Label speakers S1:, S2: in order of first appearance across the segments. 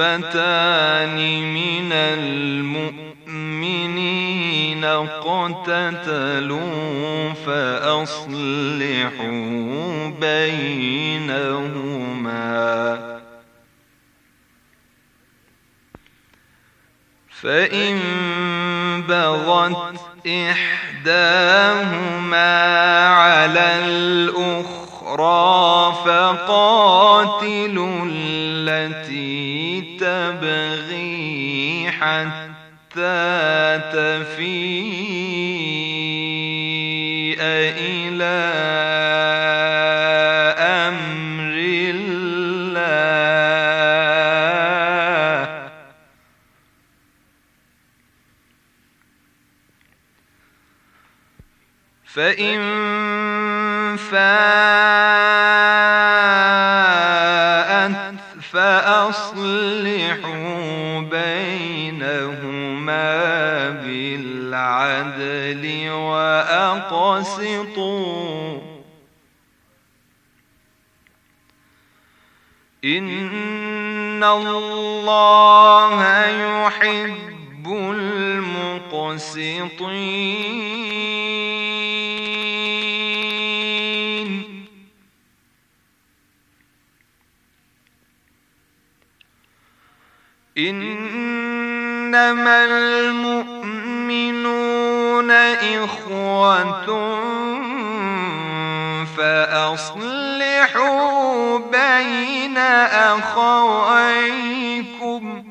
S1: فتان من المؤمنين اقتتلوا فأصلحوا بينهما فإن بغت إحداهما على الأخرى فقاتلوا التي حتى تفيض العدل وأقسطوا إن الله يحب المقسطين إنما المؤمنون تكون إخوة فأصلحوا بين أخويكم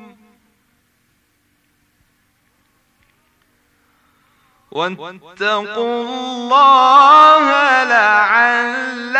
S1: واتقوا الله لعلكم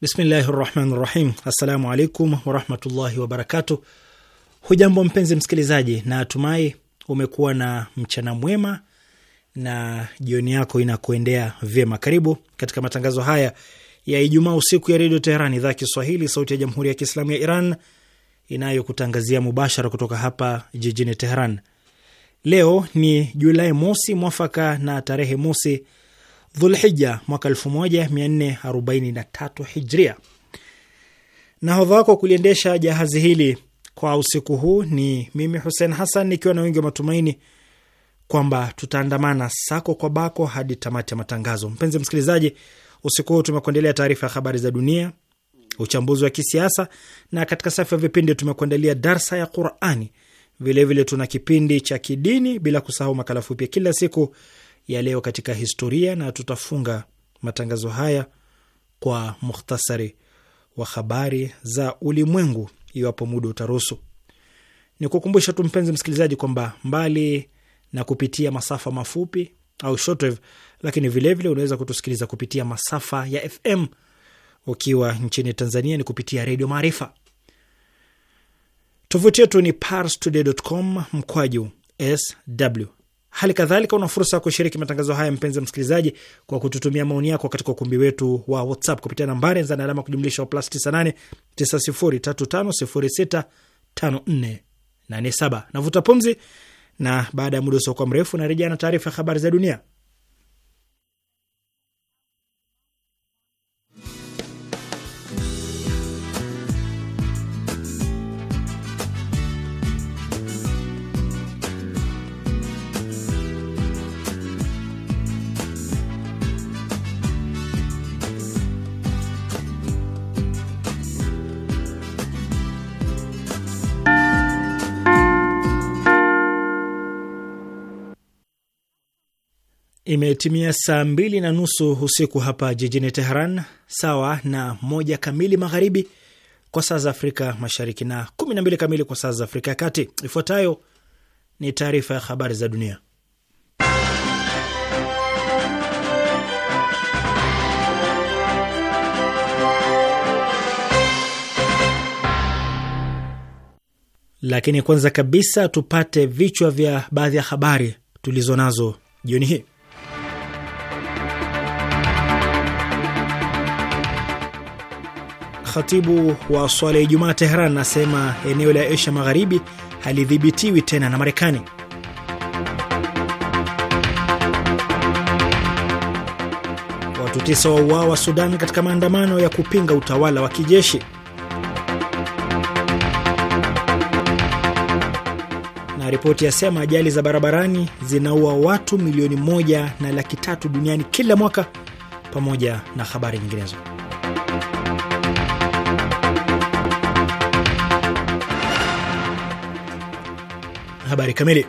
S2: Bismillahi rahmani rahim. Assalamu alaikum warahmatullahi wabarakatu. Hujambo mpenzi msikilizaji, na atumai umekuwa na mchana mwema na jioni yako inakuendea vyema. Karibu katika matangazo haya ya Ijumaa usiku ya Redio Teheran, idhaa Kiswahili, sauti ya Jamhuri ya Kiislamu ya Iran inayokutangazia mubashara kutoka hapa jijini Teheran. Leo ni Julai mosi mwafaka na tarehe mosi Dhulhija mwaka 1443 Hijria. Nahodha wako kuliendesha jahazi hili kwa usiku huu ni mimi Hussein Hassan, nikiwa na wingi wa matumaini kwamba tutaandamana sako kwa bako hadi tamati ya matangazo. Mpenzi msikilizaji, usiku huu tumekuandalia taarifa ya habari za dunia, uchambuzi wa kisiasa, na katika safu ya vipindi tumekuandalia darsa ya Qurani. Vilevile tuna kipindi cha kidini, bila kusahau makala fupi ya kila siku ya leo katika historia, na tutafunga matangazo haya kwa mukhtasari wa habari za ulimwengu iwapo muda utaruhusu. Ni kukumbusha tu mpenzi msikilizaji kwamba mbali na kupitia masafa mafupi au shortwave, lakini vilevile unaweza kutusikiliza kupitia masafa ya FM. Ukiwa nchini Tanzania ni kupitia Redio Maarifa. Tovuti yetu ni parstoday.com mkwaju sw Hali kadhalika una fursa ya kushiriki matangazo haya, mpenzi msikilizaji, kwa kututumia maoni yako katika ukumbi wetu wa WhatsApp kupitia nambari za alama kujumlisha plus 98 9035065487. Navuta pumzi, na baada ya muda usiokuwa mrefu narejea na taarifa ya habari za dunia. Imetimia saa mbili na nusu usiku hapa jijini Teheran, sawa na moja kamili magharibi kwa saa za Afrika Mashariki na kumi na mbili kamili kwa saa za Afrika ya Kati. Ifuatayo ni taarifa ya habari za dunia, lakini kwanza kabisa tupate vichwa vya baadhi ya habari tulizo nazo jioni hii. Khatibu wa swala ya Ijumaa Tehran anasema eneo la Asia Magharibi halidhibitiwi tena na Marekani. Watu tisa wauawa Sudan katika maandamano ya kupinga utawala wa kijeshi. Na ripoti yasema ajali za barabarani zinaua watu milioni moja na laki tatu duniani kila mwaka, pamoja na habari nyinginezo. habari kamili.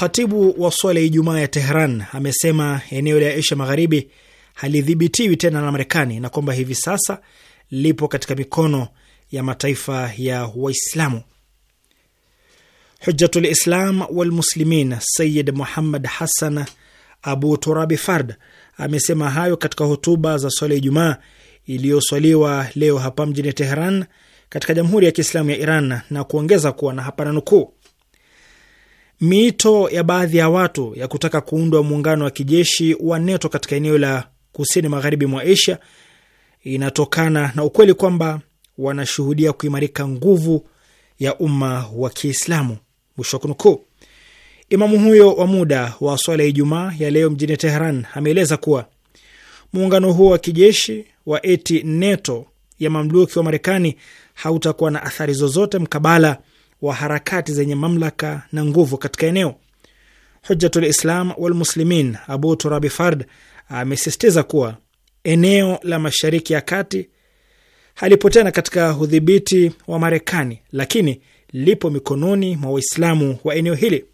S2: Khatibu wa swala ya Ijumaa ya Tehran amesema eneo la Asia Magharibi halidhibitiwi tena na Marekani na kwamba hivi sasa lipo katika mikono ya mataifa ya Waislamu. Hujjatul Islam Walmuslimin Sayid Muhammad Hassan Abu Turabi Fard amesema hayo katika hotuba za swala ya Ijumaa iliyoswaliwa leo hapa mjini Teheran katika Jamhuri ya Kiislamu ya Iran na kuongeza kuwa na hapana nukuu Miito ya baadhi ya watu ya kutaka kuundwa muungano wa kijeshi wa NATO katika eneo la kusini magharibi mwa Asia inatokana na ukweli kwamba wanashuhudia kuimarika nguvu ya umma wa Kiislamu. Mwisho wa kunukuu. Imamu huyo wa muda wa swala ya Ijumaa ya leo mjini Teheran ameeleza kuwa muungano huo wa kijeshi wa eti NATO ya mamluki wa Marekani hautakuwa na athari zozote mkabala wa harakati zenye mamlaka na nguvu katika eneo. Hujjatul Islam Walmuslimin Abu Turabi Fard amesisitiza kuwa eneo la Mashariki ya Kati halipo tena katika udhibiti wa Marekani, lakini lipo mikononi mwa Waislamu wa eneo hili.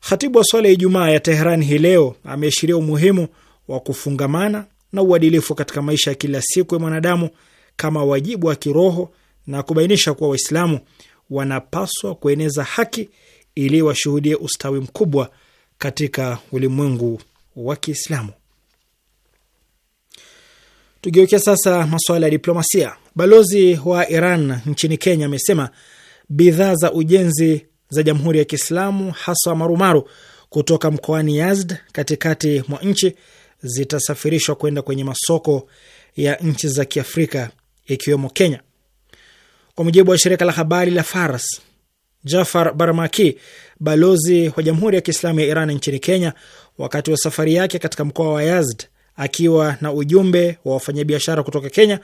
S2: Khatibu wa swala ya Ijumaa ya Teheran hii leo ameashiria umuhimu wa kufungamana na uadilifu katika maisha ya kila siku ya mwanadamu kama wajibu wa kiroho na kubainisha kuwa Waislamu wanapaswa kueneza haki ili washuhudie ustawi mkubwa katika ulimwengu wa Kiislamu. Tugeukia sasa masuala ya diplomasia. Balozi wa Iran nchini Kenya amesema bidhaa za ujenzi za Jamhuri ya Kiislamu haswa marumaru kutoka mkoani Yazd katikati mwa nchi zitasafirishwa kwenda kwenye masoko ya nchi za Kiafrika ikiwemo Kenya. Kwa mujibu wa shirika la habari la Fars, Jafar Barmaki, balozi wa Jamhuri ya Kiislamu ya Iran nchini Kenya, wakati wa safari yake katika mkoa wa Yazd akiwa na ujumbe wa wafanyabiashara kutoka Kenya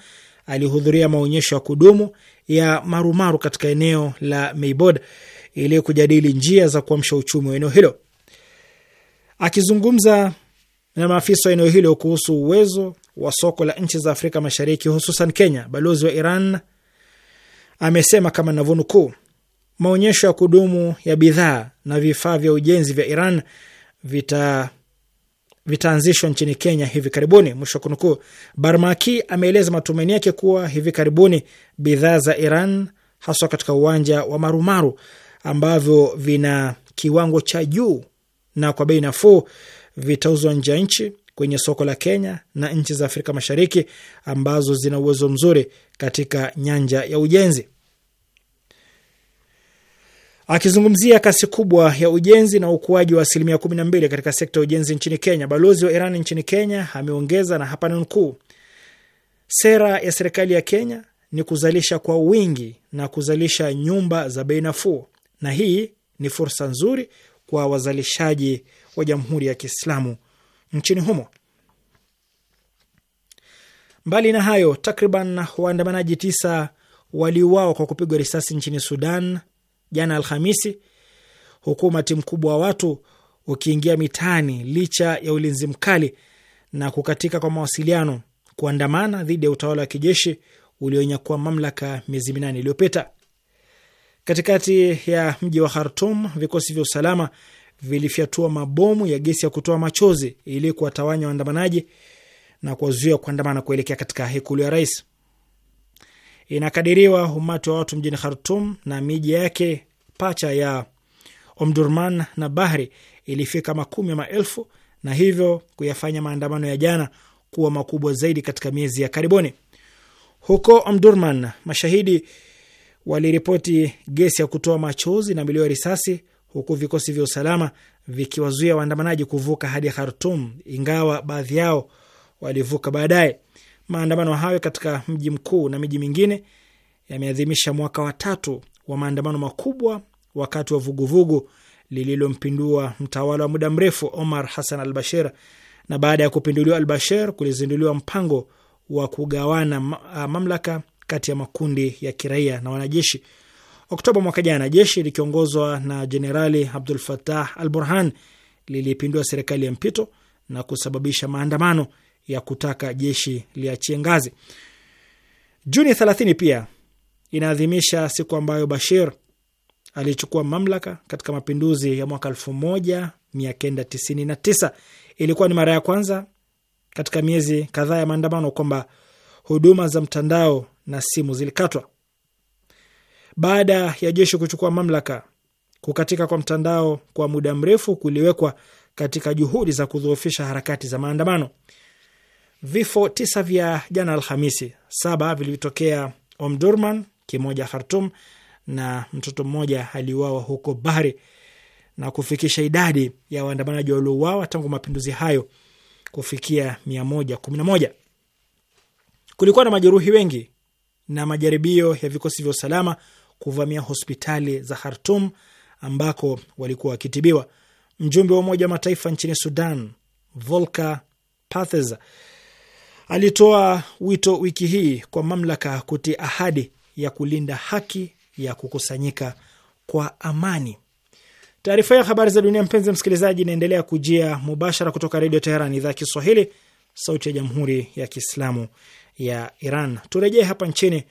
S2: alihudhuria maonyesho ya kudumu ya marumaru katika eneo la Meibod ili kujadili njia za kuamsha uchumi wa eneo hilo. Akizungumza na maafisa wa eneo hilo kuhusu uwezo wa soko la nchi za Afrika Mashariki, hususan Kenya, balozi wa Iran amesema kama navyonukuu, maonyesho ya kudumu ya bidhaa na vifaa vya ujenzi vya Iran vita vitaanzishwa nchini Kenya hivi karibuni, mwisho kunukuu. Barmaki ameeleza matumaini yake kuwa hivi karibuni bidhaa za Iran haswa katika uwanja wa marumaru ambavyo vina kiwango cha juu na kwa bei nafuu vitauzwa nje ya nchi kwenye soko la Kenya na nchi za Afrika Mashariki ambazo zina uwezo mzuri katika nyanja ya ujenzi. Akizungumzia kasi kubwa ya ujenzi na ukuaji wa asilimia kumi na mbili katika sekta ya ujenzi nchini Kenya, balozi wa Iran nchini Kenya ameongeza, na hapa nukuu, sera ya serikali ya Kenya ni kuzalisha kwa wingi na kuzalisha nyumba za bei nafuu, na hii ni fursa nzuri kwa wazalishaji wa Jamhuri ya Kiislamu nchini humo. Mbali na hayo, takriban waandamanaji tisa waliuawa kwa kupigwa risasi nchini Sudan jana Alhamisi, huku umati mkubwa wa watu ukiingia mitaani licha ya ulinzi mkali na kukatika kwa mawasiliano kuandamana dhidi ya utawala wa kijeshi ulionyakua mamlaka miezi minane iliyopita. Katikati ya mji wa Khartum, vikosi vya usalama vilifyatua mabomu ya gesi ya kutoa machozi ili kuwatawanya waandamanaji na kuwazuia kuandamana kuelekea katika hekulu ya rais. Inakadiriwa umati wa watu mjini Khartum na miji yake pacha ya Omdurman na Bahri ilifika makumi ya maelfu na hivyo kuyafanya maandamano ya jana kuwa makubwa zaidi katika miezi ya karibuni. Huko Omdurman, mashahidi waliripoti gesi ya kutoa machozi na milio ya risasi huku vikosi vya usalama vikiwazuia waandamanaji kuvuka hadi Khartum, ingawa baadhi yao walivuka baadaye. Maandamano hayo katika mji mkuu na miji mingine yameadhimisha mwaka wa tatu wa maandamano makubwa wakati wa vuguvugu lililompindua mtawala wa muda mrefu Omar Hassan al Bashir, na baada ya kupinduliwa al Bashir kulizinduliwa mpango wa kugawana mamlaka kati ya makundi ya kiraia na wanajeshi. Oktoba mwaka jana, jeshi likiongozwa na Jenerali Abdul fatah al Burhan lilipindua serikali ya mpito na kusababisha maandamano ya kutaka jeshi liachie ngazi. Juni 30 pia inaadhimisha siku ambayo Bashir alichukua mamlaka katika mapinduzi ya mwaka 1999. Ilikuwa ni mara ya kwanza katika miezi kadhaa ya maandamano kwamba huduma za mtandao na simu zilikatwa. Baada ya jeshi kuchukua mamlaka, kukatika kwa mtandao kwa muda mrefu kuliwekwa katika juhudi za kudhoofisha harakati za maandamano. Vifo tisa vya jana Alhamisi, saba vilivyotokea Omdurman, kimoja Khartum na mtoto mmoja aliuawa huko Bahri na kufikisha idadi ya waandamanaji waliouawa tangu mapinduzi hayo kufikia mia Kulikuwa na majeruhi wengi na majaribio ya vikosi vya usalama kuvamia hospitali za Khartum ambako walikuwa wakitibiwa. Mjumbe wa Umoja wa Mataifa nchini Sudan Volker Perthes alitoa wito wiki hii kwa mamlaka kuti ahadi ya kulinda haki ya kukusanyika kwa amani. Taarifa ya habari za dunia, mpenzi msikilizaji, inaendelea kujia mubashara kutoka Redio Teheran, idhaa ya Kiswahili, sauti ya Jamhuri ya Kiislamu ya Iran. Turejee hapa nchini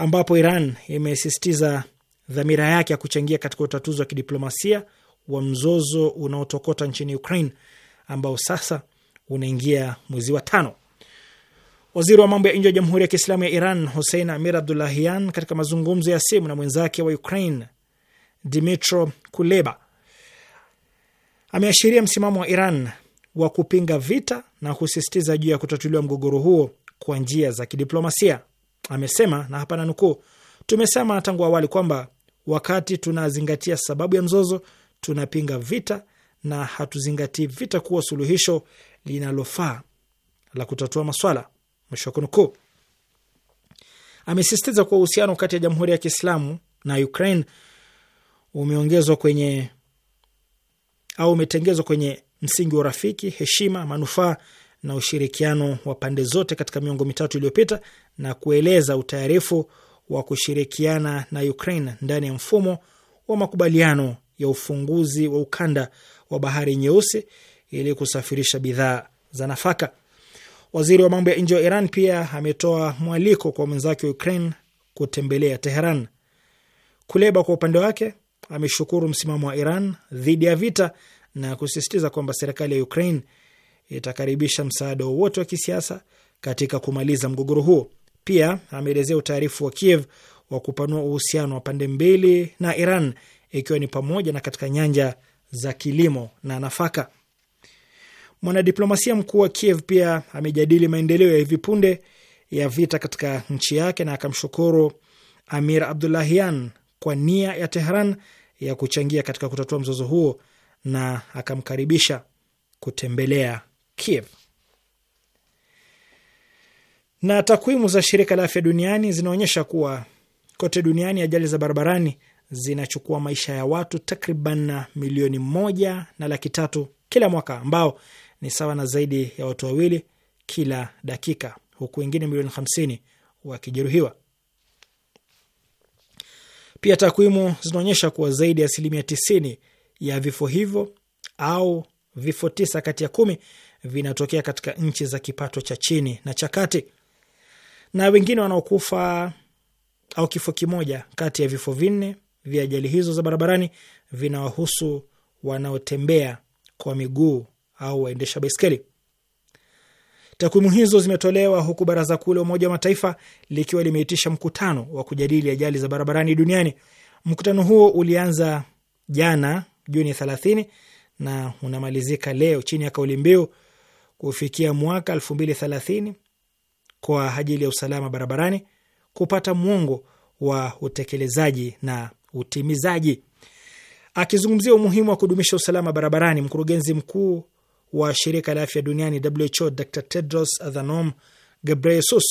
S2: ambapo Iran imesisitiza dhamira yake ya kuchangia katika utatuzi wa kidiplomasia wa mzozo unaotokota nchini Ukraine ambao sasa unaingia mwezi wa tano. Waziri wa mambo ya nje wa Jamhuri ya Kiislamu ya Iran Hussein Amir Abdulahian, katika mazungumzo ya simu na mwenzake wa Ukraine Dmitro Kuleba, ameashiria msimamo wa Iran wa kupinga vita na kusisitiza juu ya kutatuliwa mgogoro huo kwa njia za kidiplomasia amesema, na hapa nukuu, tumesema tangu awali kwamba wakati tunazingatia sababu ya mzozo, tunapinga vita na hatuzingatii vita kuwa suluhisho linalofaa la kutatua maswala, mwisho wa kunukuu. Amesisitiza kuwa uhusiano kati ya Jamhuri ya Kiislamu na Ukraine umeongezwa kwenye au umetengezwa kwenye msingi wa urafiki, heshima, manufaa na ushirikiano wa pande zote katika miongo mitatu iliyopita na kueleza utayarifu wa kushirikiana na Ukraine ndani ya mfumo wa makubaliano ya ufunguzi wa ukanda wa bahari nyeusi ili kusafirisha bidhaa za nafaka. Waziri wa mambo ya nje wa Iran pia ametoa mwaliko kwa mwenzake wa Ukraine kutembelea Teheran. Kuleba kwa upande wake ameshukuru msimamo wa Iran dhidi ya vita na kusisitiza kwamba serikali ya Ukraine itakaribisha msaada wowote wa kisiasa katika kumaliza mgogoro huo. Pia ameelezea utaarifu wa Kiev wa kupanua uhusiano wa pande mbili na Iran ikiwa ni pamoja na katika nyanja za kilimo na nafaka. Mwanadiplomasia mkuu wa Kiev pia amejadili maendeleo ya hivi punde ya vita katika nchi yake na akamshukuru Amir Abdullahian kwa nia ya Tehran ya kuchangia katika kutatua mzozo huo na akamkaribisha kutembelea Kiev. Na takwimu za shirika la afya duniani zinaonyesha kuwa kote duniani ajali za barabarani zinachukua maisha ya watu takriban milioni moja na laki tatu kila mwaka, ambao ni sawa na zaidi ya watu wawili kila dakika, huku wengine milioni hamsini wakijeruhiwa. Pia takwimu zinaonyesha kuwa zaidi ya asilimia tisini ya vifo hivyo au vifo tisa kati ya kumi vinatokea katika nchi za kipato cha chini na cha kati, na wengine wanaokufa au kifo kimoja kati ya vifo vinne vya ajali hizo za barabarani vinawahusu wanaotembea kwa miguu au waendesha baiskeli. Takwimu hizo zimetolewa huku Baraza Kuu la Umoja wa Mataifa likiwa limeitisha mkutano wa kujadili ajali za barabarani duniani. Mkutano huo ulianza jana Juni 30 na unamalizika leo chini ya kauli mbiu kufikia mwaka 2030 kwa ajili ya usalama barabarani kupata mwongo wa utekelezaji na utimizaji. Akizungumzia umuhimu wa kudumisha usalama barabarani, mkurugenzi mkuu wa shirika la afya duniani WHO Dr Tedros Adhanom Ghebreyesus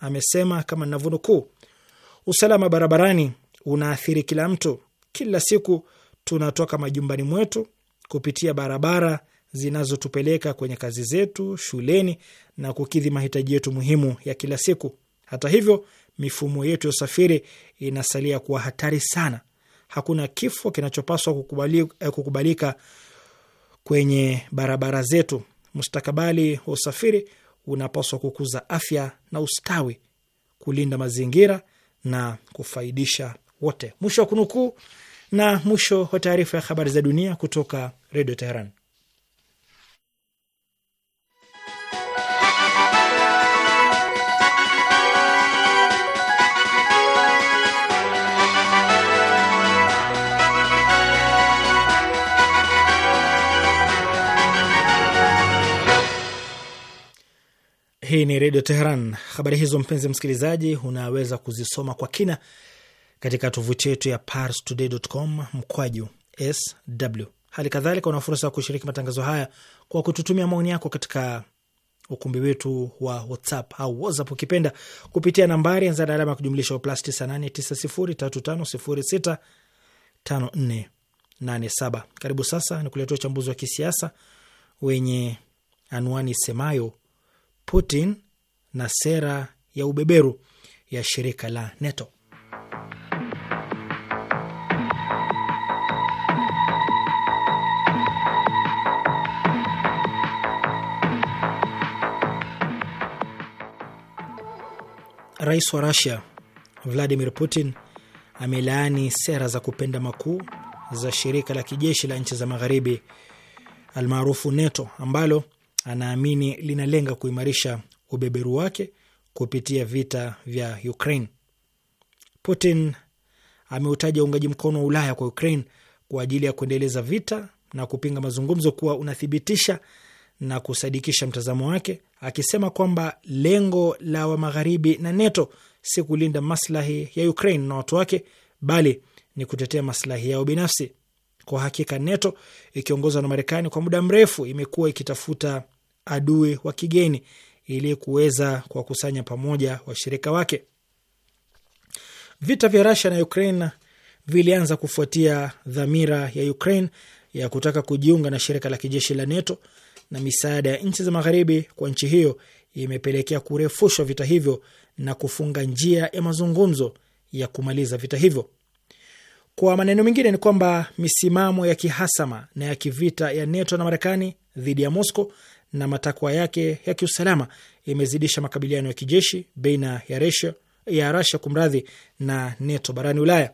S2: amesema kama navunukuu usalama barabarani unaathiri kila mtu. Kila siku tunatoka majumbani mwetu kupitia barabara zinazotupeleka kwenye kazi zetu, shuleni na kukidhi mahitaji yetu muhimu ya kila siku. Hata hivyo, mifumo yetu ya usafiri inasalia kuwa hatari sana. Hakuna kifo kinachopaswa kukubalika, eh, kukubalika kwenye barabara zetu. Mustakabali wa usafiri unapaswa kukuza afya na ustawi, kulinda mazingira na kufaidisha wote. Mwisho wa kunukuu na mwisho wa taarifa ya habari za dunia kutoka Redio Teheran. Hii ni Redio Teheran. Habari hizo mpenzi msikilizaji, unaweza kuzisoma kwa kina katika tovuti yetu ya parstoday.com mkwaju sw. Hali kadhalika una fursa ya kushiriki matangazo haya kwa kututumia maoni yako katika ukumbi wetu wa WhatsApp au WhatsApp ukipenda kupitia nambari anza na alama ya kujumlisha plus 989035065487. Karibu sasa ni kuletea uchambuzi wa kisiasa wenye anwani semayo Putin na sera ya ubeberu ya shirika la NATO. Rais wa rusia Vladimir Putin amelaani sera za kupenda makuu za shirika la kijeshi la nchi za magharibi almaarufu NATO ambalo anaamini linalenga kuimarisha ubeberu wake kupitia vita vya Ukraine. Putin ameutaja uungaji mkono wa Ulaya kwa Ukraine kwa ajili ya kuendeleza vita na kupinga mazungumzo kuwa unathibitisha na kusadikisha mtazamo wake, akisema kwamba lengo la wa magharibi na NATO si kulinda maslahi ya Ukraine na watu wake, bali ni kutetea maslahi yao binafsi. Kwa hakika, NATO ikiongozwa na Marekani kwa muda mrefu imekuwa ikitafuta adui wa kigeni ili kuweza kuwakusanya pamoja washirika wake. Vita vya Rusia na Ukraine vilianza kufuatia dhamira ya Ukraine ya kutaka kujiunga na shirika la kijeshi la NATO na misaada ya nchi za magharibi kwa nchi hiyo imepelekea kurefushwa vita hivyo na kufunga njia ya mazungumzo ya kumaliza vita hivyo. Kwa maneno mengine, ni kwamba misimamo ya kihasama na ya kivita ya NATO na Marekani dhidi ya Moscow na matakwa yake ya kiusalama imezidisha makabiliano ya kijeshi baina ya Russia ya Russia kumradhi na NATO barani Ulaya.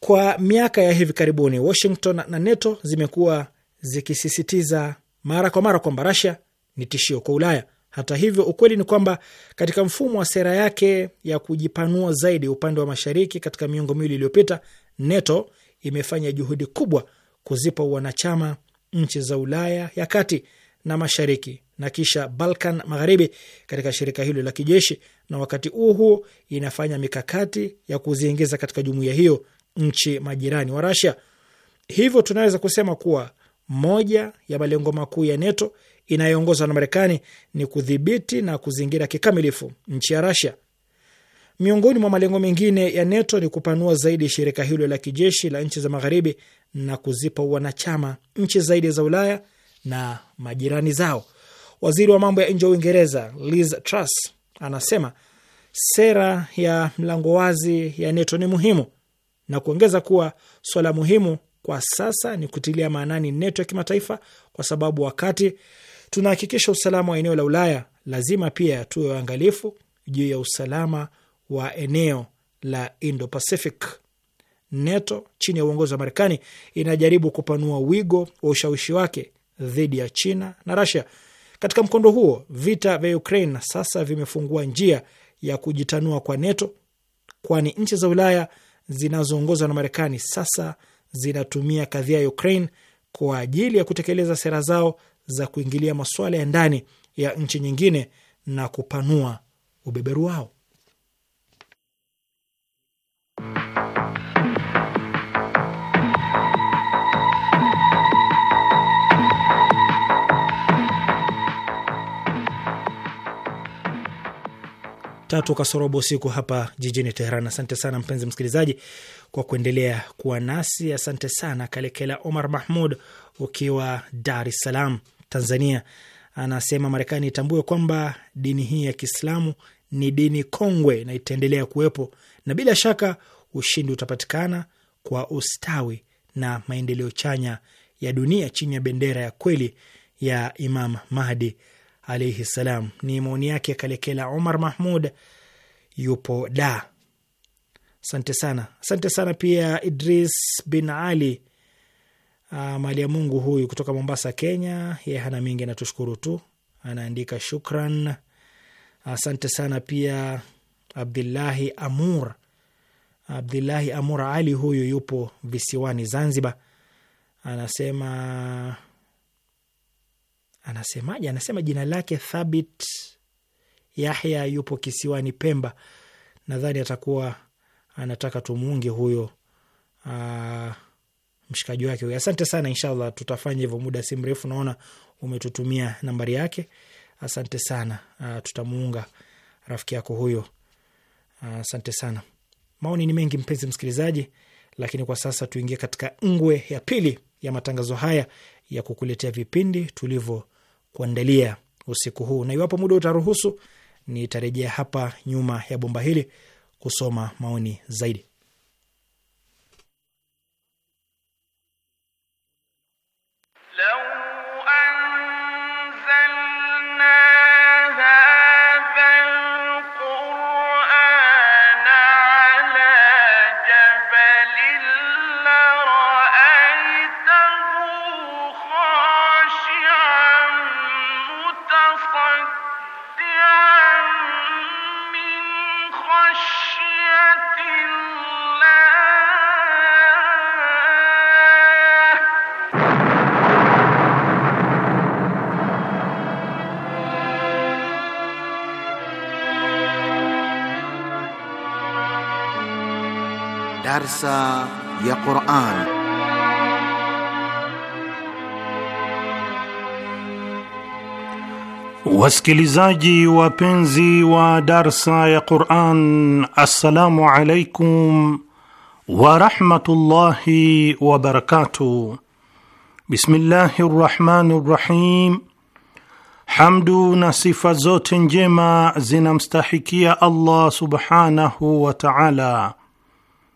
S2: Kwa miaka ya hivi karibuni, Washington na NATO zimekuwa zikisisitiza mara kwa mara kwamba Russia ni tishio kwa Ulaya. Hata hivyo, ukweli ni kwamba katika mfumo wa sera yake ya kujipanua zaidi upande wa mashariki katika miongo miwili iliyopita, NATO imefanya juhudi kubwa kuzipa wanachama nchi za Ulaya ya kati na mashariki na kisha Balkan magharibi katika shirika hilo la kijeshi, na wakati huo huo inafanya mikakati ya kuziingiza katika jumuiya hiyo nchi majirani wa Rasia. Hivyo tunaweza kusema kuwa moja ya malengo makuu ya NATO inayoongozwa na Marekani ni kudhibiti na kuzingira kikamilifu nchi ya Rasia. Miongoni mwa malengo mengine ya NATO ni kupanua zaidi shirika hilo la kijeshi la nchi za magharibi na kuzipa wanachama nchi zaidi za Ulaya na majirani zao. Waziri wa mambo ya nje wa Uingereza Liz Truss anasema sera ya mlango wazi ya NATO ni muhimu na kuongeza kuwa swala muhimu kwa sasa ni kutilia maanani NATO ya kimataifa, kwa sababu wakati tunahakikisha usalama wa eneo la Ulaya, lazima pia tuwe waangalifu juu ya usalama wa eneo la Indo-Pacific. NATO chini ya uongozi wa Marekani inajaribu kupanua wigo wa ushawishi wake dhidi ya China na Rasia. Katika mkondo huo, vita vya Ukraine sasa vimefungua njia ya kujitanua kwa NATO, kwani nchi za Ulaya zinazoongozwa na Marekani sasa zinatumia kadhia ya Ukraine kwa ajili ya kutekeleza sera zao za kuingilia masuala ya ndani ya nchi nyingine na kupanua ubeberu wao. tatu kasorobo usiku hapa jijini Teheran. Asante sana mpenzi msikilizaji kwa kuendelea kuwa nasi. Asante sana Kalekela Omar Mahmud ukiwa Dar es Salaam, Tanzania, anasema Marekani itambue kwamba dini hii ya Kiislamu ni dini kongwe na itaendelea kuwepo na bila shaka ushindi utapatikana kwa ustawi na maendeleo chanya ya dunia chini ya bendera ya kweli ya Imam Mahdi alaihi salam. Ni maoni yake Kalekela Omar Mahmud, yupo Da. Asante sana, asante sana pia Idris bin Ali ah, mali ya Mungu huyu kutoka Mombasa, Kenya. Ye hana mingi, anatushukuru tu, anaandika shukran. Asante sana pia Abdullahi Amur, Abdullahi Amur Ali huyu yupo visiwani Zanzibar, anasema anasemaje? Anasema jina lake Thabit Yahya, yupo kisiwani Pemba. Nadhani atakuwa anataka tumuunge huyo aa, ah, mshikaji wake huyo. Asante sana, inshallah tutafanya hivyo muda si mrefu. Naona umetutumia nambari yake, asante sana. Aa, ah, tutamuunga rafiki yako huyo. Ah, asante sana. Maoni ni mengi mpenzi msikilizaji, lakini kwa sasa tuingie katika ngwe ya pili ya matangazo haya ya kukuletea vipindi tulivyo kuandalia usiku huu, na iwapo muda utaruhusu, nitarejea hapa nyuma ya bomba hili kusoma maoni zaidi.
S3: Darsa ya Quran.
S4: Wasikilizaji wapenzi wa darsa ya Quran, assalamu alaikum wa rahmatullahi wa barakatuh. Bismillahi rahmani rahim. Hamdu na sifa zote njema zinamstahikia Allah subhanahu wa ta'ala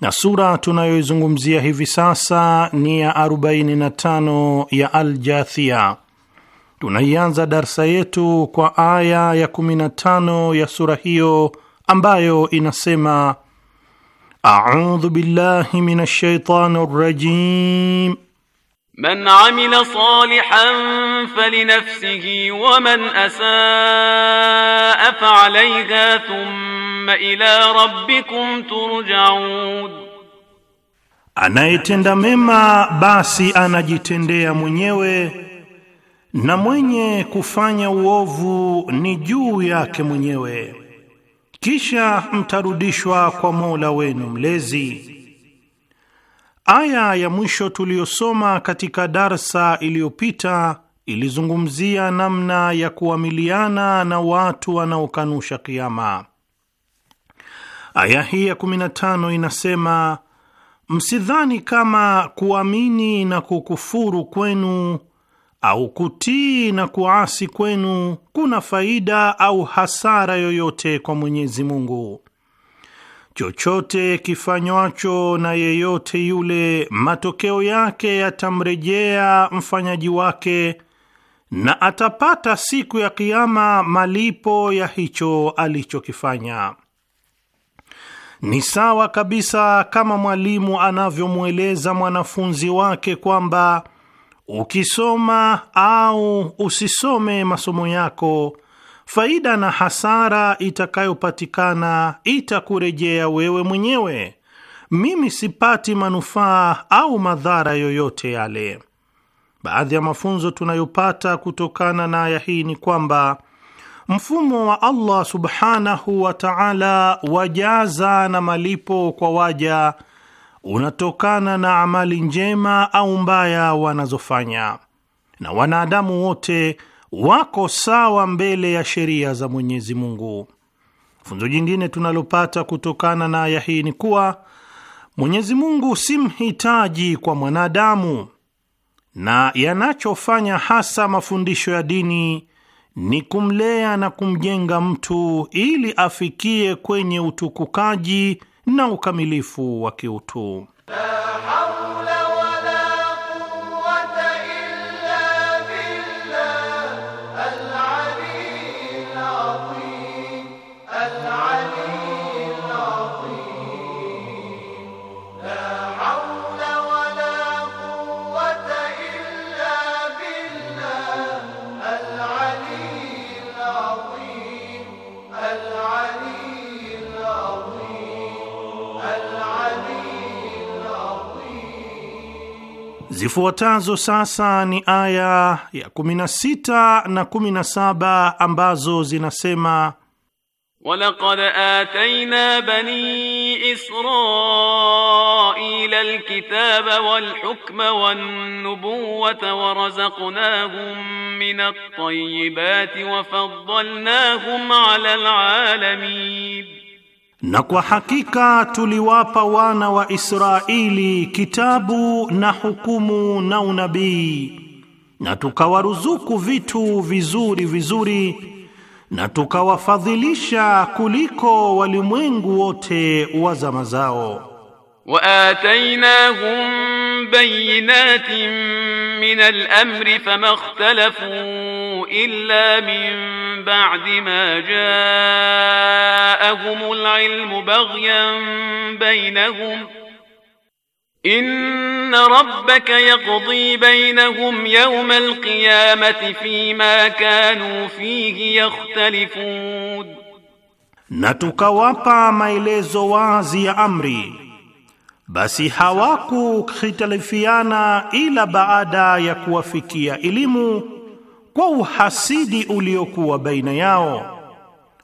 S4: na sura tunayoizungumzia hivi sasa ni ya 45 ya Aljathia. Tunaianza darsa yetu kwa aya ya 15 ya sura hiyo ambayo inasema, audhu billahi minash shaitani rajim
S5: Man amila salihan falinafsihi wa man asaa faalayha thumma ila rabbikum turjaun,
S4: anayetenda mema basi anajitendea mwenyewe na mwenye kufanya uovu ni juu yake mwenyewe, kisha mtarudishwa kwa Mola wenu mlezi. Aya ya mwisho tuliyosoma katika darsa iliyopita ilizungumzia namna ya kuamiliana na watu wanaokanusha kiama. Aya hii ya 15 inasema, msidhani kama kuamini na kukufuru kwenu au kutii na kuasi kwenu kuna faida au hasara yoyote kwa Mwenyezi Mungu chochote kifanywacho na yeyote yule, matokeo yake yatamrejea mfanyaji wake na atapata siku ya Kiama malipo ya hicho alichokifanya. Ni sawa kabisa kama mwalimu anavyomweleza mwanafunzi wake kwamba ukisoma au usisome masomo yako faida na hasara itakayopatikana itakurejea wewe mwenyewe. Mimi sipati manufaa au madhara yoyote yale. Baadhi ya mafunzo tunayopata kutokana na aya hii ni kwamba mfumo wa Allah subhanahu wa ta'ala wajaza na malipo kwa waja unatokana na amali njema au mbaya wanazofanya, na wanadamu wote wako sawa mbele ya sheria za Mwenyezi Mungu. Funzo jingine tunalopata kutokana na aya hii ni kuwa Mwenyezi Mungu si mhitaji kwa mwanadamu, na yanachofanya hasa mafundisho ya dini ni kumlea na kumjenga mtu ili afikie kwenye utukukaji na ukamilifu wa kiutu. Zifuatazo sasa ni aya ya 16 na 17 ambazo zinasema
S5: Walaqad atayna bani Israila alkitaba walhukma wannubuwata warazaqnahum min at-tayyibati wafaddalnahum ala alalamin
S4: Na kwa hakika tuliwapa wana wa Israeli kitabu na hukumu na unabii na tukawaruzuku vitu vizuri vizuri na tukawafadhilisha kuliko walimwengu wote wa zama zao.
S5: wa atainahum bayinatin من الأمر فما اختلفوا إلا من بعد ما جاءهم العلم بغيا بينهم إن ربك يقضي بينهم يوم القيامة فيما كانوا فيه يختلفون
S4: نتوكا وابا maelezo wazi ya Basi hawakukhitalifiana ila baada ya kuwafikia elimu kwa uhasidi uliokuwa baina yao.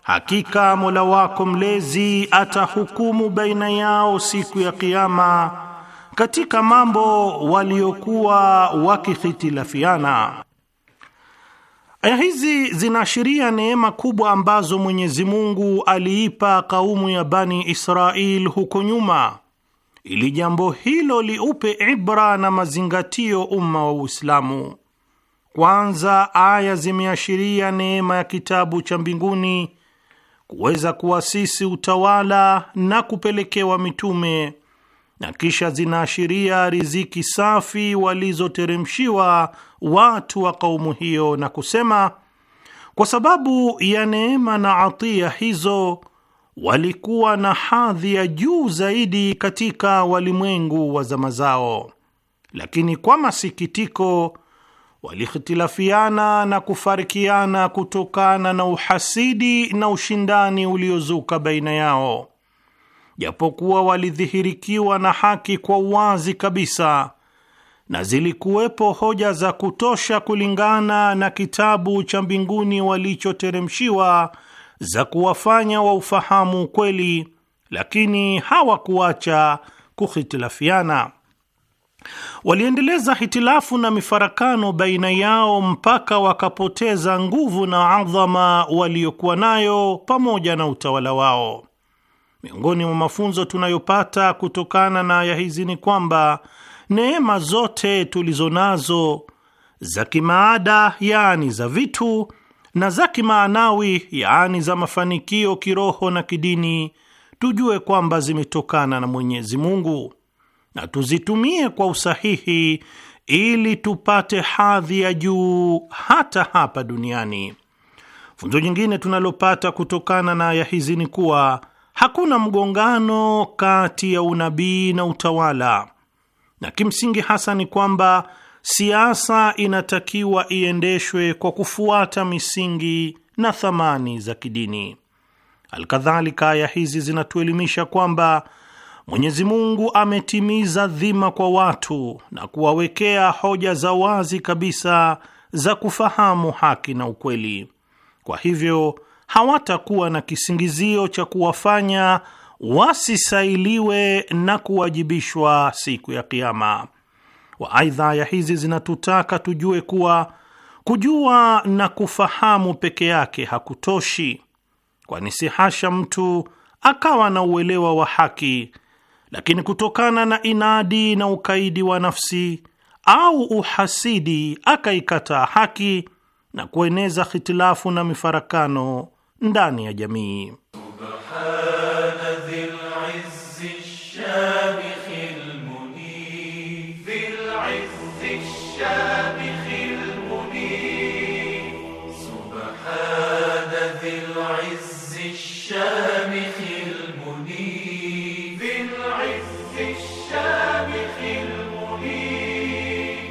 S4: Hakika Mola wako mlezi atahukumu baina yao siku ya Kiyama katika mambo waliokuwa wakihitilafiana Aya hizi zinaashiria neema kubwa ambazo Mwenyezi Mungu aliipa kaumu ya Bani Israil huko nyuma ili jambo hilo liupe ibra na mazingatio umma wa Uislamu. Kwanza, aya zimeashiria neema ya kitabu cha mbinguni kuweza kuasisi utawala na kupelekewa mitume, na kisha zinaashiria riziki safi walizoteremshiwa watu wa kaumu hiyo, na kusema kwa sababu ya neema na atia hizo walikuwa na hadhi ya juu zaidi katika walimwengu wa zama zao, lakini kwa masikitiko walihitilafiana na kufarikiana kutokana na uhasidi na ushindani uliozuka baina yao. Japokuwa walidhihirikiwa na haki kwa uwazi kabisa na zilikuwepo hoja za kutosha kulingana na kitabu cha mbinguni walichoteremshiwa za kuwafanya wa ufahamu ukweli, lakini hawakuacha kuhitilafiana. Waliendeleza hitilafu na mifarakano baina yao mpaka wakapoteza nguvu na adhama waliokuwa nayo pamoja na utawala wao. Miongoni mwa mafunzo tunayopata kutokana na aya hizi ni kwamba neema zote tulizo nazo za kimaada, yaani za vitu na za kimaanawi, yaani za mafanikio kiroho na kidini, tujue kwamba zimetokana na Mwenyezi Mungu na tuzitumie kwa usahihi ili tupate hadhi ya juu hata hapa duniani. Funzo jingine tunalopata kutokana na aya hizi ni kuwa hakuna mgongano kati ya unabii na utawala, na kimsingi hasa ni kwamba siasa inatakiwa iendeshwe kwa kufuata misingi na thamani za kidini. Alkadhalika, aya hizi zinatuelimisha kwamba Mwenyezi Mungu ametimiza dhima kwa watu na kuwawekea hoja za wazi kabisa za kufahamu haki na ukweli. Kwa hivyo hawatakuwa na kisingizio cha kuwafanya wasisailiwe na kuwajibishwa siku ya Kiama wa aidha, aya hizi zinatutaka tujue kuwa kujua na kufahamu peke yake hakutoshi, kwani si hasha mtu akawa na uelewa wa haki, lakini kutokana na inadi na ukaidi wa nafsi au uhasidi akaikataa haki na kueneza hitilafu na mifarakano ndani ya jamii Subhan
S6: بالعز الشامخ المنيب
S7: الشامخ المنيب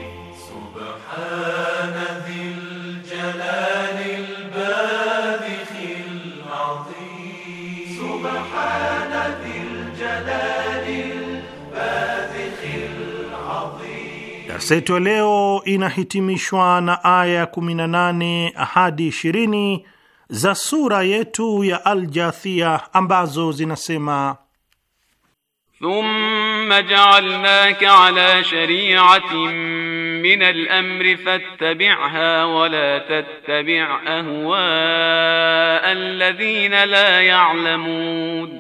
S7: سبحان ذي الجلال الباذخ
S6: العظيم سبحان ذي الجلال الباذخ
S4: العظيم Darsa leo inahitimishwa na aya 18 hadi za sura yetu ya Aljathia ambazo zinasema:
S5: thumma ja'alnaka ala shari'atin min al-amri fattabi'ha wa la tattabi' ahwa alladhina la ya'lamun,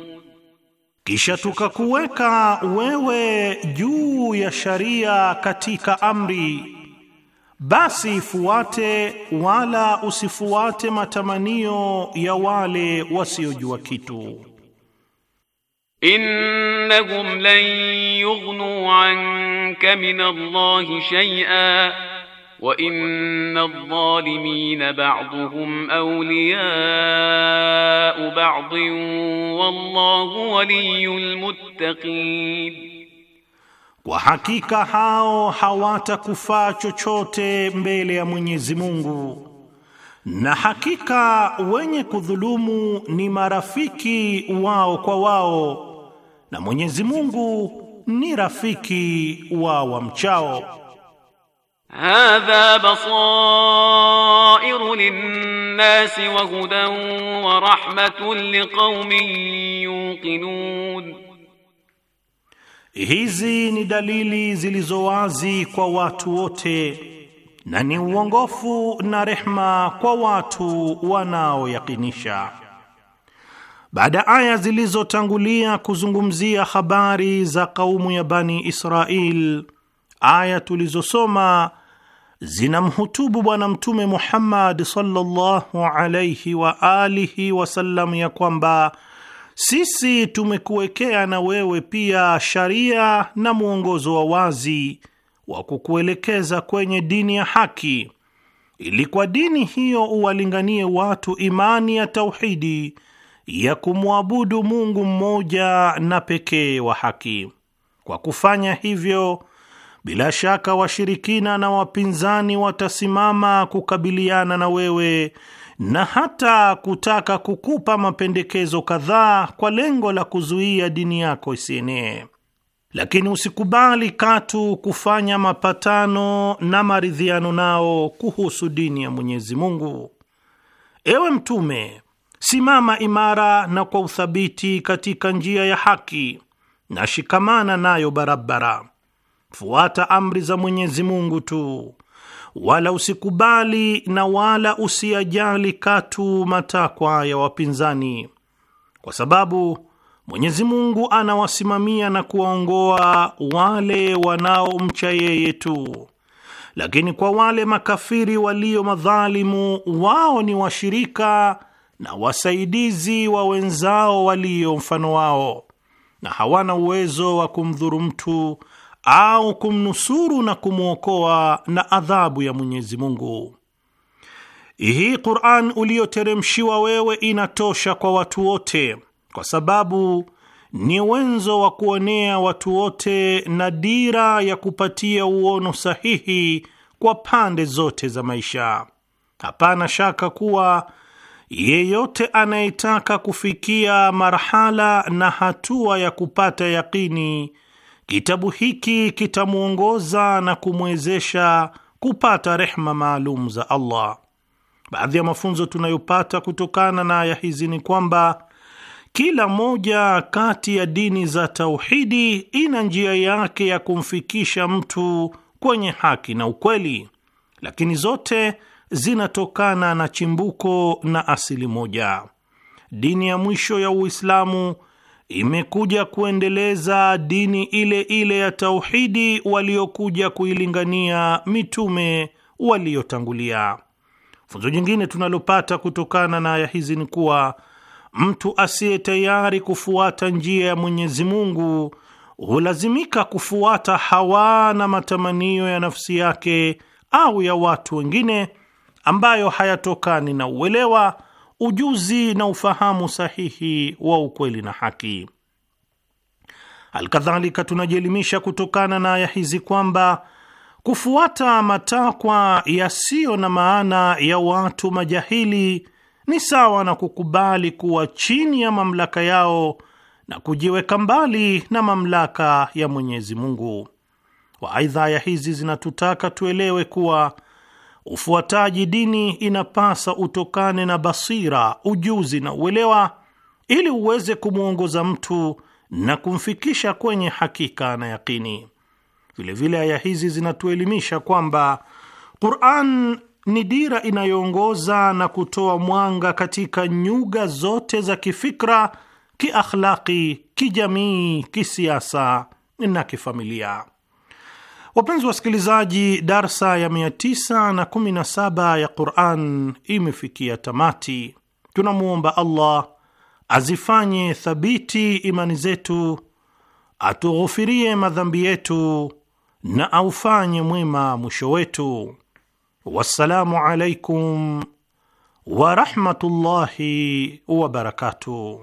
S8: kisha
S4: tukakuweka wewe juu ya sharia katika amri basi fuate wala usifuate matamanio ya wale wasiojua kitu.
S5: Innahum lan yughnu anka min Allahi shay'a wa inna adh-dhalimina ba'dhuhum awliya'u ba'dhin wallahu waliyyul muttaqin
S4: Kwa hakika hao hawatakufaa chochote mbele ya Mwenyezi Mungu, na hakika wenye kudhulumu ni marafiki wao kwa wao, na Mwenyezi Mungu ni rafiki wa wamchao.
S5: Hadha basairu linnasi wa hudan wa rahmatun liqaumin yuqinun
S4: Hizi ni dalili zilizo wazi kwa watu wote na ni uongofu na rehma kwa watu wanaoyakinisha. Baada aya zilizotangulia kuzungumzia habari za kaumu ya Bani Israil, aya tulizosoma zinamhutubu Bwana Mtume Muhammad sallallahu alayhi wa alihi wasallam ya kwamba sisi tumekuwekea na wewe pia sharia na mwongozo wa wazi wa kukuelekeza kwenye dini ya haki, ili kwa dini hiyo uwalinganie watu imani ya tauhidi ya kumwabudu Mungu mmoja na pekee wa haki. Kwa kufanya hivyo, bila shaka washirikina na wapinzani watasimama kukabiliana na wewe na hata kutaka kukupa mapendekezo kadhaa kwa lengo la kuzuia dini yako isienee, lakini usikubali katu kufanya mapatano na maridhiano nao kuhusu dini ya Mwenyezi Mungu. Ewe Mtume, simama imara na kwa uthabiti katika njia ya haki na shikamana nayo barabara. Fuata amri za Mwenyezi Mungu tu wala usikubali na wala usiyajali katu matakwa ya wapinzani, kwa sababu Mwenyezi Mungu anawasimamia na kuwaongoa wale wanaomcha yeye tu, lakini kwa wale makafiri walio madhalimu, wao ni washirika na wasaidizi wa wenzao walio mfano wao, na hawana uwezo wa kumdhuru mtu au kumnusuru na kumwokoa na adhabu ya Mwenyezi Mungu. Hii Qur'an uliyoteremshiwa wewe inatosha kwa watu wote, kwa sababu ni wenzo wa kuonea watu wote na dira ya kupatia uono sahihi kwa pande zote za maisha. Hapana shaka kuwa yeyote anayetaka kufikia marhala na hatua ya kupata yakini Kitabu hiki kitamwongoza na kumwezesha kupata rehma maalum za Allah. Baadhi ya mafunzo tunayopata kutokana na aya hizi ni kwamba kila moja kati ya dini za tauhidi ina njia yake ya kumfikisha mtu kwenye haki na ukweli, lakini zote zinatokana na chimbuko na asili moja. Dini ya mwisho ya Uislamu imekuja kuendeleza dini ile ile ya tauhidi waliokuja kuilingania mitume waliotangulia. Funzo jingine tunalopata kutokana na aya hizi ni kuwa mtu asiye tayari kufuata njia ya Mwenyezi Mungu hulazimika kufuata hawa na matamanio ya nafsi yake au ya watu wengine ambayo hayatokani na uelewa ujuzi na ufahamu sahihi wa ukweli na haki. Alkadhalika, tunajielimisha kutokana na aya hizi kwamba kufuata matakwa yasiyo na maana ya watu majahili ni sawa na kukubali kuwa chini ya mamlaka yao na kujiweka mbali na mamlaka ya Mwenyezi Mungu. Waaidha, aya hizi zinatutaka tuelewe kuwa Ufuataji dini inapasa utokane na basira, ujuzi na uelewa, ili uweze kumwongoza mtu na kumfikisha kwenye hakika na yakini. Vilevile aya hizi zinatuelimisha kwamba Qur'an ni dira inayoongoza na kutoa mwanga katika nyuga zote za kifikra, kiakhlaki, kijamii, kisiasa na kifamilia. Wapenzi wasikilizaji, darsa ya 917 ya Quran imefikia tamati. Tunamwomba Allah azifanye thabiti imani zetu, atughufirie madhambi yetu na aufanye mwema mwisho wetu. Wassalamu alaikum warahmatullahi wabarakatuh.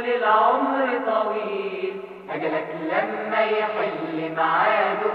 S5: طول العمر طويل أجلك لما يحل معاده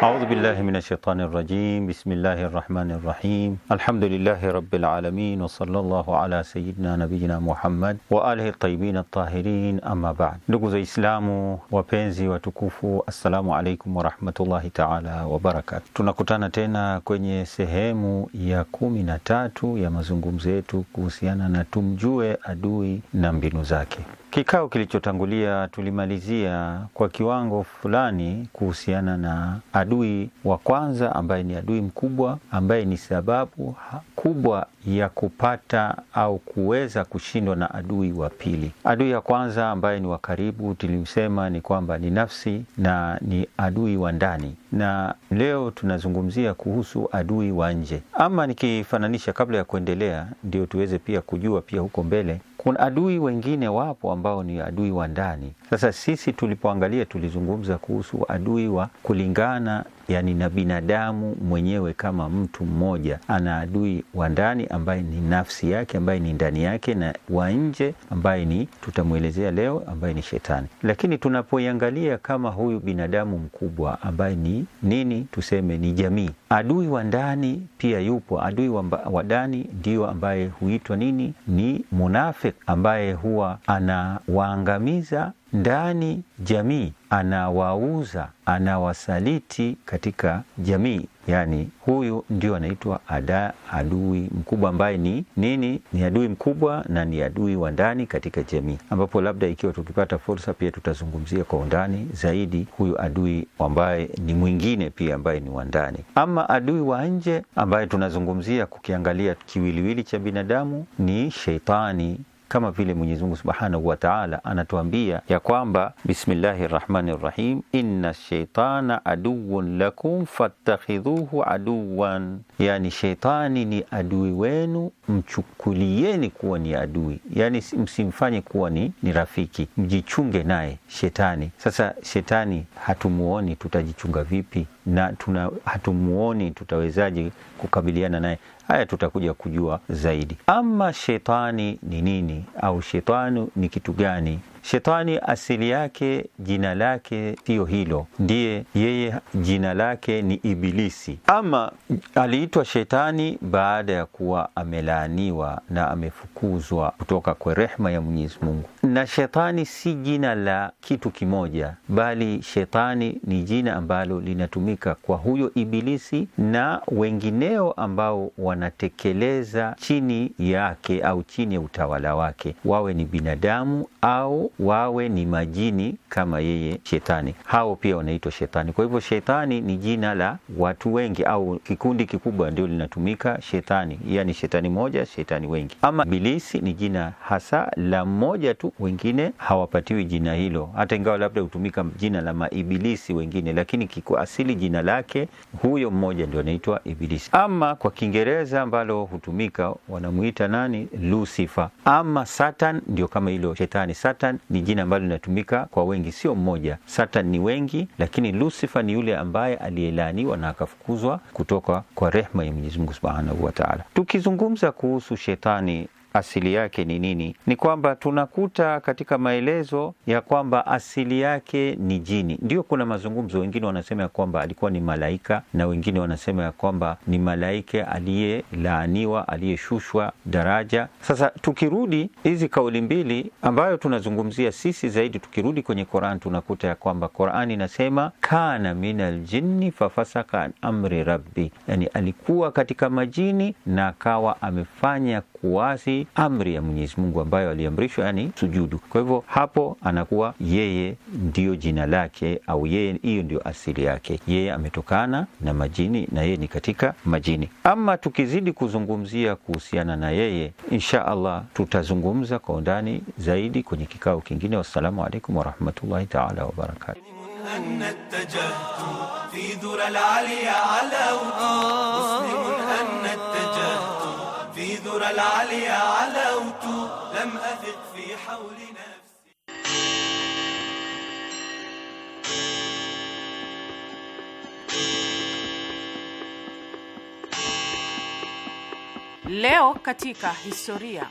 S6: أعوذ بالله
S8: من الشيطان الرجيم بسم الله الرحمن الرحيم الحمد لله رب العالمين وصلى الله على سيدنا نبينا Muhammad wa alihi tayyibin at-tahirin amma ba'd. Ndugu za Islamu wapenzi watukufu, assalamu alaikum warahmatullahi taala wabarakatu. Tunakutana tena kwenye sehemu ya kumi na tatu ya mazungumzo yetu kuhusiana na tumjue adui na mbinu zake. Kikao kilichotangulia tulimalizia kwa kiwango fulani kuhusiana na adui wa kwanza ambaye ni adui mkubwa ambaye ni sababu kubwa ya kupata au kuweza kushindwa na adui wa pili. Adui ya kwanza ambaye ni wa karibu tulimsema ni kwamba ni nafsi na ni adui wa ndani, na leo tunazungumzia kuhusu adui wa nje. Ama nikifananisha, kabla ya kuendelea, ndio tuweze pia kujua pia huko mbele kuna adui wengine wapo ambao ni adui wa ndani. Sasa sisi tulipoangalia, tulizungumza kuhusu adui wa kulingana yani na binadamu mwenyewe kama mtu mmoja ana adui wa ndani ambaye ni nafsi yake ambaye ni ndani yake, na wa nje ambaye ni tutamwelezea leo, ambaye ni shetani. Lakini tunapoiangalia kama huyu binadamu mkubwa ambaye ni nini, tuseme ni jamii, adui wa ndani pia yupo. Adui wa ndani ndiyo ambaye huitwa nini, ni munafik ambaye huwa anawaangamiza ndani jamii, anawauza anawasaliti katika jamii. Yani huyu ndio anaitwa ada adui mkubwa, ambaye ni nini? Ni adui mkubwa na ni adui wa ndani katika jamii, ambapo labda ikiwa tukipata fursa pia tutazungumzia kwa undani zaidi huyu adui ambaye ni mwingine pia ambaye ni wa ndani. Ama adui wa nje ambaye tunazungumzia kukiangalia kiwiliwili cha binadamu ni sheitani kama vile Mwenyezi Mungu Subhanahu wa Ta'ala anatuambia ya kwamba bismillahi rahmani rahim, inna shaitana aduwun lakum fattakhidhuhu aduwan, yani shaitani ni adui wenu mchukulieni kuwa ni adui, yaani msimfanye kuwa ni, ni rafiki, mjichunge naye shetani. Sasa shetani hatumuoni, tutajichunga vipi? na tuna, hatumuoni tutawezaje kukabiliana naye? Haya tutakuja kujua zaidi. Ama shetani ni nini au shetani ni kitu gani? Shetani asili yake jina lake siyo hilo, ndiye yeye jina lake ni Ibilisi, ama aliitwa shetani baada ya kuwa amelaaniwa na amefukuzwa kutoka kwa rehma ya Mwenyezi Mungu. Na shetani si jina la kitu kimoja, bali shetani ni jina ambalo linatumika kwa huyo Ibilisi na wengineo ambao wanatekeleza chini yake au chini ya utawala wake, wawe ni binadamu au wawe ni majini kama yeye shetani. Hao pia wanaitwa shetani. Kwa hivyo shetani ni jina la watu wengi au kikundi kikubwa, ndio linatumika shetani, yani shetani moja, shetani wengi. Ama Ibilisi ni jina hasa la mmoja tu wengine hawapatiwi jina hilo, hata ingawa labda hutumika jina la maibilisi wengine, lakini kikuasili jina lake huyo mmoja ndio anaitwa Ibilisi. Ama kwa Kiingereza ambalo hutumika wanamuita nani? Lucifer ama Satan, ndio kama hilo shetani. Satan ni jina ambalo linatumika kwa wengi, sio mmoja. Satan ni wengi, lakini Lucifer ni yule ambaye aliyelaaniwa na akafukuzwa kutoka kwa rehma ya Mwenyezi Mungu subhanahu wa taala. Tukizungumza kuhusu shetani asili yake ni nini? Ni kwamba tunakuta katika maelezo ya kwamba asili yake ni jini. Ndio kuna mazungumzo, wengine wanasema ya kwamba alikuwa ni malaika na wengine wanasema ya kwamba ni malaika aliyelaaniwa, aliyeshushwa daraja. Sasa tukirudi hizi kauli mbili ambayo tunazungumzia sisi zaidi, tukirudi kwenye Qur'an tunakuta ya kwamba Qur'an inasema kana min jinni fafasaka an amri rabbi, yani alikuwa katika majini na akawa amefanya kuasi amri ya Mwenyezi Mungu ambayo aliamrishwa, yani sujudu. Kwa hivyo hapo anakuwa yeye ndiyo jina lake au yeye, hiyo ndio asili yake, yeye ametokana na majini na yeye ni katika majini. Ama tukizidi kuzungumzia kuhusiana na yeye, insha Allah tutazungumza kwa undani zaidi kwenye kikao kingine. Wassalamu alaikum warahmatullahi taala wabarakatu.
S3: علوت
S6: لم أثق في حول نفسي
S9: Leo katika historia.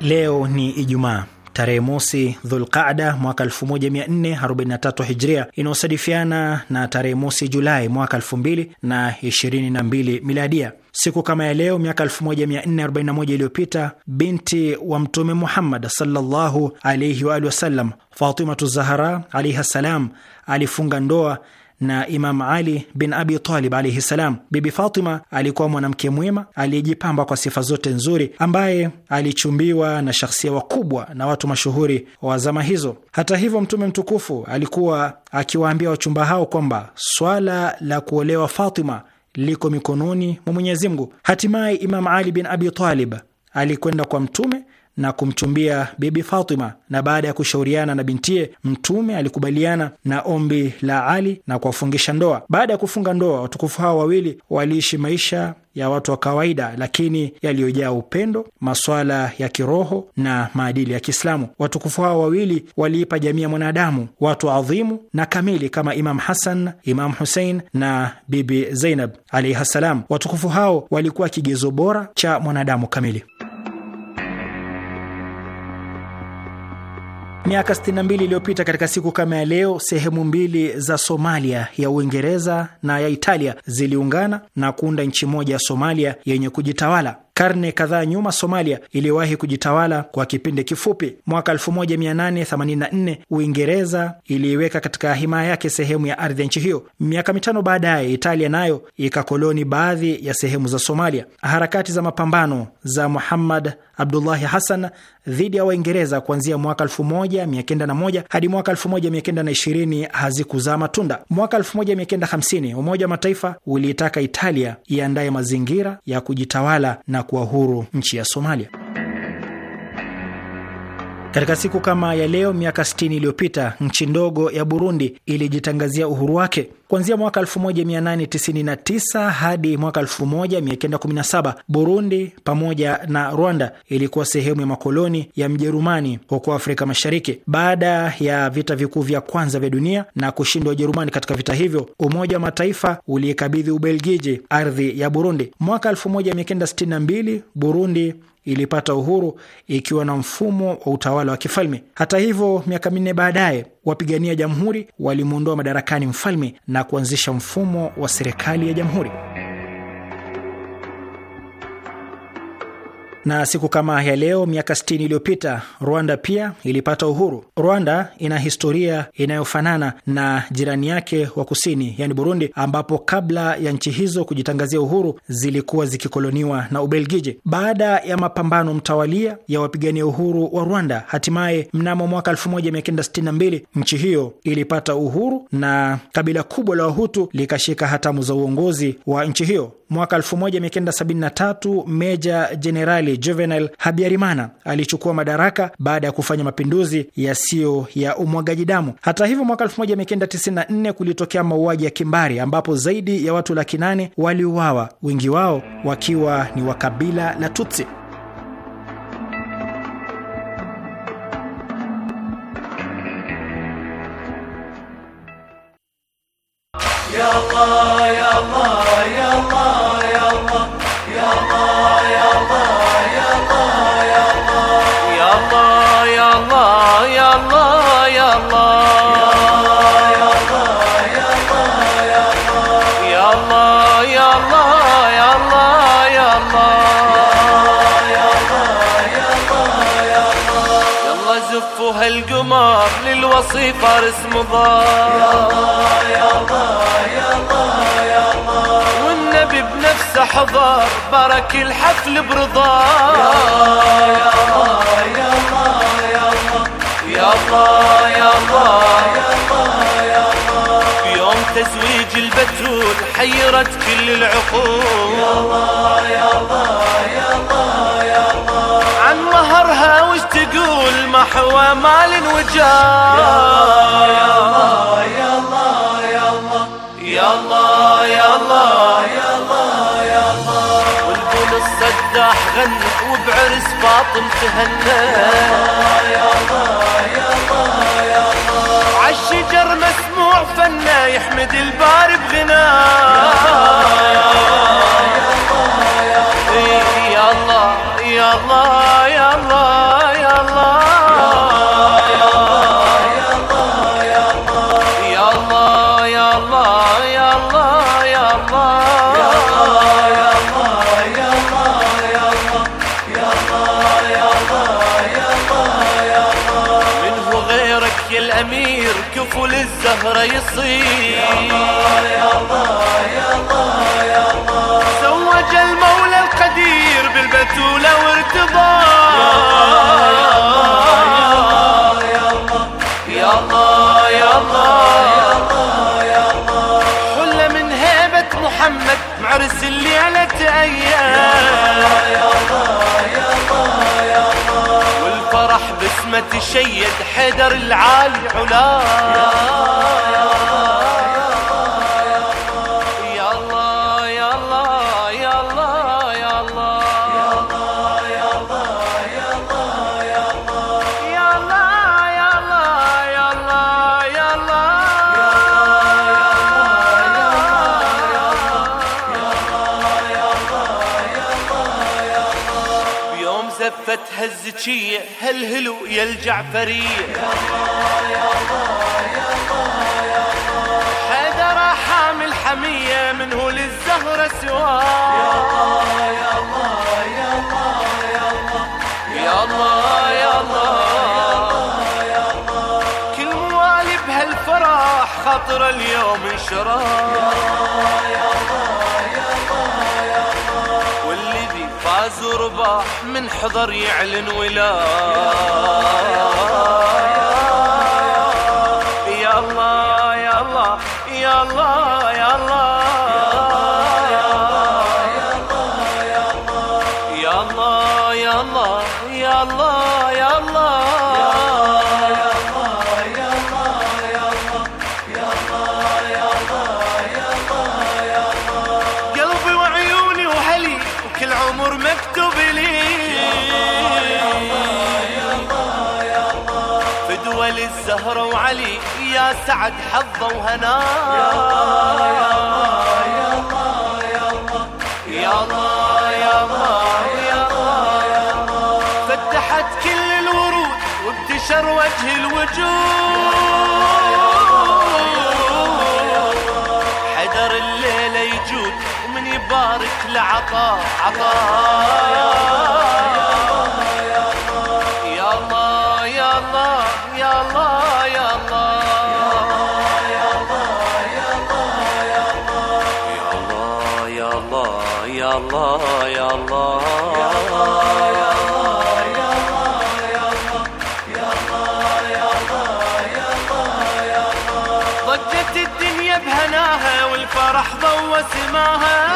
S2: Leo ni Ijumaa tarehe mosi Dhulqada mwaka 1443 Hijria inayosadifiana na tarehe mosi Julai mwaka 2022 Miladia. Siku kama ya leo miaka 1441 iliyopita binti wa Mtume Muhammad sallallahu alaihi waalihi wasallam Fatimatu Zahara alaihi ssalam alifunga ndoa na Imam Ali bin Abi Talib alaihi salam. Bibi Fatima alikuwa mwanamke mwema aliyejipamba kwa sifa zote nzuri, ambaye alichumbiwa na shakhsia wakubwa na watu mashuhuri wa zama hizo. Hata hivyo, Mtume mtukufu alikuwa akiwaambia wachumba hao kwamba swala la kuolewa Fatima liko mikononi mwa Mwenyezi Mungu. Hatimaye Imam Ali bin Abi Talib alikwenda kwa Mtume na kumchumbia Bibi Fatima, na baada ya kushauriana na bintiye, Mtume alikubaliana na ombi la Ali na kuwafungisha ndoa. Baada ya kufunga ndoa, watukufu hao wawili waliishi maisha ya watu wa kawaida lakini yaliyojaa upendo, maswala ya kiroho na maadili ya Kiislamu. Watukufu hao wawili waliipa jamii ya mwanadamu watu adhimu na kamili kama Imam Hasan, Imam Husein na Bibi Zainab alaihi ssalam. Watukufu hao walikuwa kigezo bora cha mwanadamu kamili. Miaka 62 iliyopita katika siku kama ya leo, sehemu mbili za Somalia ya Uingereza na ya Italia ziliungana na kuunda nchi moja ya Somalia yenye kujitawala. Karne kadhaa nyuma, Somalia iliwahi kujitawala kwa kipindi kifupi. Mwaka 1884 Uingereza iliiweka katika himaya yake sehemu ya ardhi ya nchi hiyo. Miaka mitano baadaye, Italia nayo ikakoloni baadhi ya sehemu za Somalia. Harakati za mapambano za Muhammad Abdullahi Hassan dhidi ya Waingereza kuanzia mwaka 1901 hadi mwaka 1920 hazikuzaa matunda. Mwaka 1950 Umoja wa Mataifa uliitaka Italia iandaye mazingira ya kujitawala na kuwa huru nchi ya Somalia. Katika siku kama ya leo miaka 60 iliyopita nchi ndogo ya Burundi ilijitangazia uhuru wake. Kuanzia mwaka 1899 hadi mwaka 1917 Burundi pamoja na Rwanda ilikuwa sehemu ya makoloni ya Mjerumani huko Afrika Mashariki. Baada ya vita vikuu vya kwanza vya dunia na kushindwa Ujerumani katika vita hivyo, Umoja wa Mataifa uliikabidhi Ubelgiji ardhi ya Burundi. Mwaka 1962 Burundi ilipata uhuru ikiwa na mfumo wa utawala wa kifalme. Hata hivyo, miaka minne baadaye wapigania jamhuri walimwondoa madarakani mfalme na kuanzisha mfumo wa serikali ya jamhuri. na siku kama ya leo miaka 60 iliyopita Rwanda pia ilipata uhuru. Rwanda ina historia inayofanana na jirani yake wa kusini, yani Burundi, ambapo kabla ya nchi hizo kujitangazia uhuru zilikuwa zikikoloniwa na Ubelgiji. Baada ya mapambano mtawalia ya wapigania uhuru wa Rwanda, hatimaye mnamo mwaka 1962 nchi hiyo ilipata uhuru na kabila kubwa la Wahutu likashika hatamu za uongozi wa nchi hiyo. Mwaka 1973 meja jenerali Juvenal Habyarimana alichukua madaraka baada ya kufanya mapinduzi yasiyo ya umwagaji damu. Hata hivyo, mwaka 1994 kulitokea mauaji ya kimbari ambapo zaidi ya watu laki nane waliuawa, wengi wao wakiwa ni wa kabila la Tutsi.
S6: الوصي فارس الله يلا يلا يلا الله والنبي بنفسه حضر بارك الحفل برضا يلا يلا يلا يلا يلا يلا يوم تزويج البتول حيرت كل العقول يلا يلا يلا محوى مال وجاه يا الله
S7: يا الله يا الله يا الله يا الله يا الله يا الله والبول الصداح غنى وبعرس باطن
S6: تهنى يا الله يا الله يا الله عالشجر مسموع فنا يحمد البار بغناه الزهرة يصير يا الله يا الله يا الله يا الله زوج المولى القدير بالبتولة وارتضى يا الله يا الله
S7: يا الله يا
S6: الله يا الله حلة من هيبة محمد معرس اللي على رحمة الشيد حيدر العالي علاه ملكية هلهلو يا الجعفرية يا الله يا الله يا الله يا الله حامل حمية منه للزهرة سوا يا الله يا الله يا الله
S7: يا الله يا الله يا الله يا الله
S6: كل موالي بهالفرح خاطر اليوم انشراه يا الله يا الله فاز رباح من حضر يعلن ولا سعد
S7: حظه وهناه يا الله يا الله يا الله يا الله يا الله يا فتحت
S6: كل الورود وابتشر وجه الوجود حدر الليلة يجود ومن يبارك
S7: لعطاه عطاه الله يا الله يا الله يا الله يا الله يا الله
S6: يا الله يا الله يا الله ضجت الدنيا بهناها والفرح ضوى سماها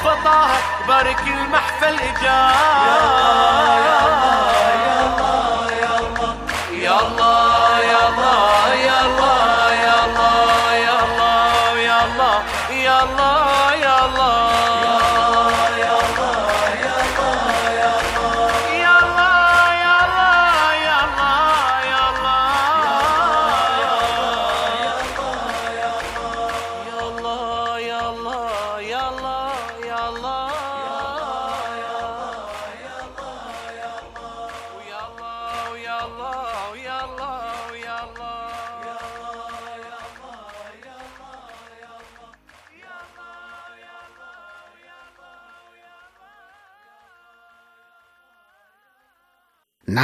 S6: فطاها بارك المحفل إجاها يا الله يا الله
S7: Allah